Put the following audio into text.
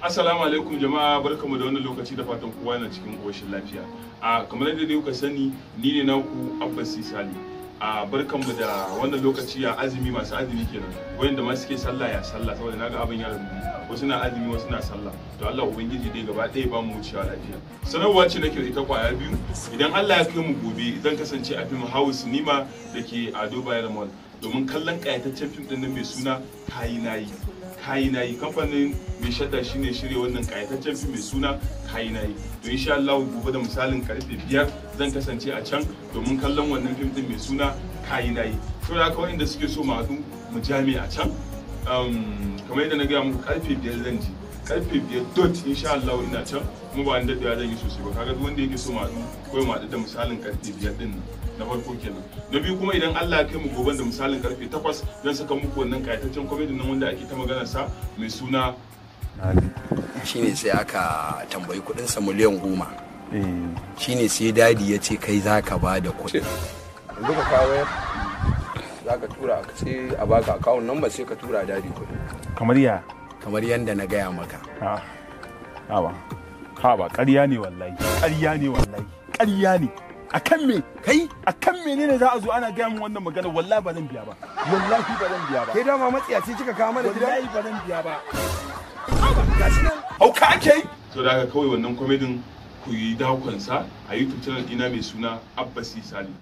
Assalamu alaikum jama'a barkamu da wannan lokaci da fatan kowa yana cikin koshin lafiya. A kamar yadda dai kuka sani ni ne naku Abbas Sisali. A barkamu da wannan lokaci a azumi masu azumi kenan. da ma suke sallah ya sallah saboda naga abin ya rabu. Wasu na azumi wasu na sallah. To Allah ubangiji dai gaba ɗaya ba mu wucewa lafiya. Sanarwa ce nake ita kwaya biyu. Idan Allah ya kai mu gobe zan kasance a fim House Nima da ke Ado Bayar Mall. domin kallon kayataccen fim din mai suna kayi nayi kayi nayi kamfanin mai shadda shine shirya wannan kayataccen fim mai suna kayi nayi to insha Allah gobe da misalin karfe biyar zan kasance a can domin kallon wannan fim din mai suna kayi nayi to da kawai inda suke so mu mu jami a can um, kamar yadda na gaya muku karfe biyar zan je karfe biyar dot insha Allah ina can kuma ba ni daɗewa zan yi sosai ba kaga duk wanda yake so ma koyi ma da misalin karfe biyar din nan na farko kenan na biyu kuma idan Allah ya kai mu gobe da misalin karfe takwas zan saka muku wannan kayataccen komedin nan wanda ake ta magana sa mai suna shine sai aka tambayi kudinsa miliyan goma eh. shine sai dadi ya ce kai za ka ba da kudi yanzu ka kawo za ka tura a sai a baka akawun nan ba sai ka tura dadi kudi kamar ya kamar yadda na gaya maka ha ba ƙarya ne wallahi ƙarya ne wallahi ƙarya ne kan me kai akan menene za a zo ana gaya min wannan magana wallahi ba zan biya ba wallahi ba zan biya ba kai dama matsiya ce kika kawo mana gida wallahi ba zan biya ba gashi nan hauka ake yi to da kawai wannan komedin ku yi dakonsa a youtube channel ina mai suna abbasi sali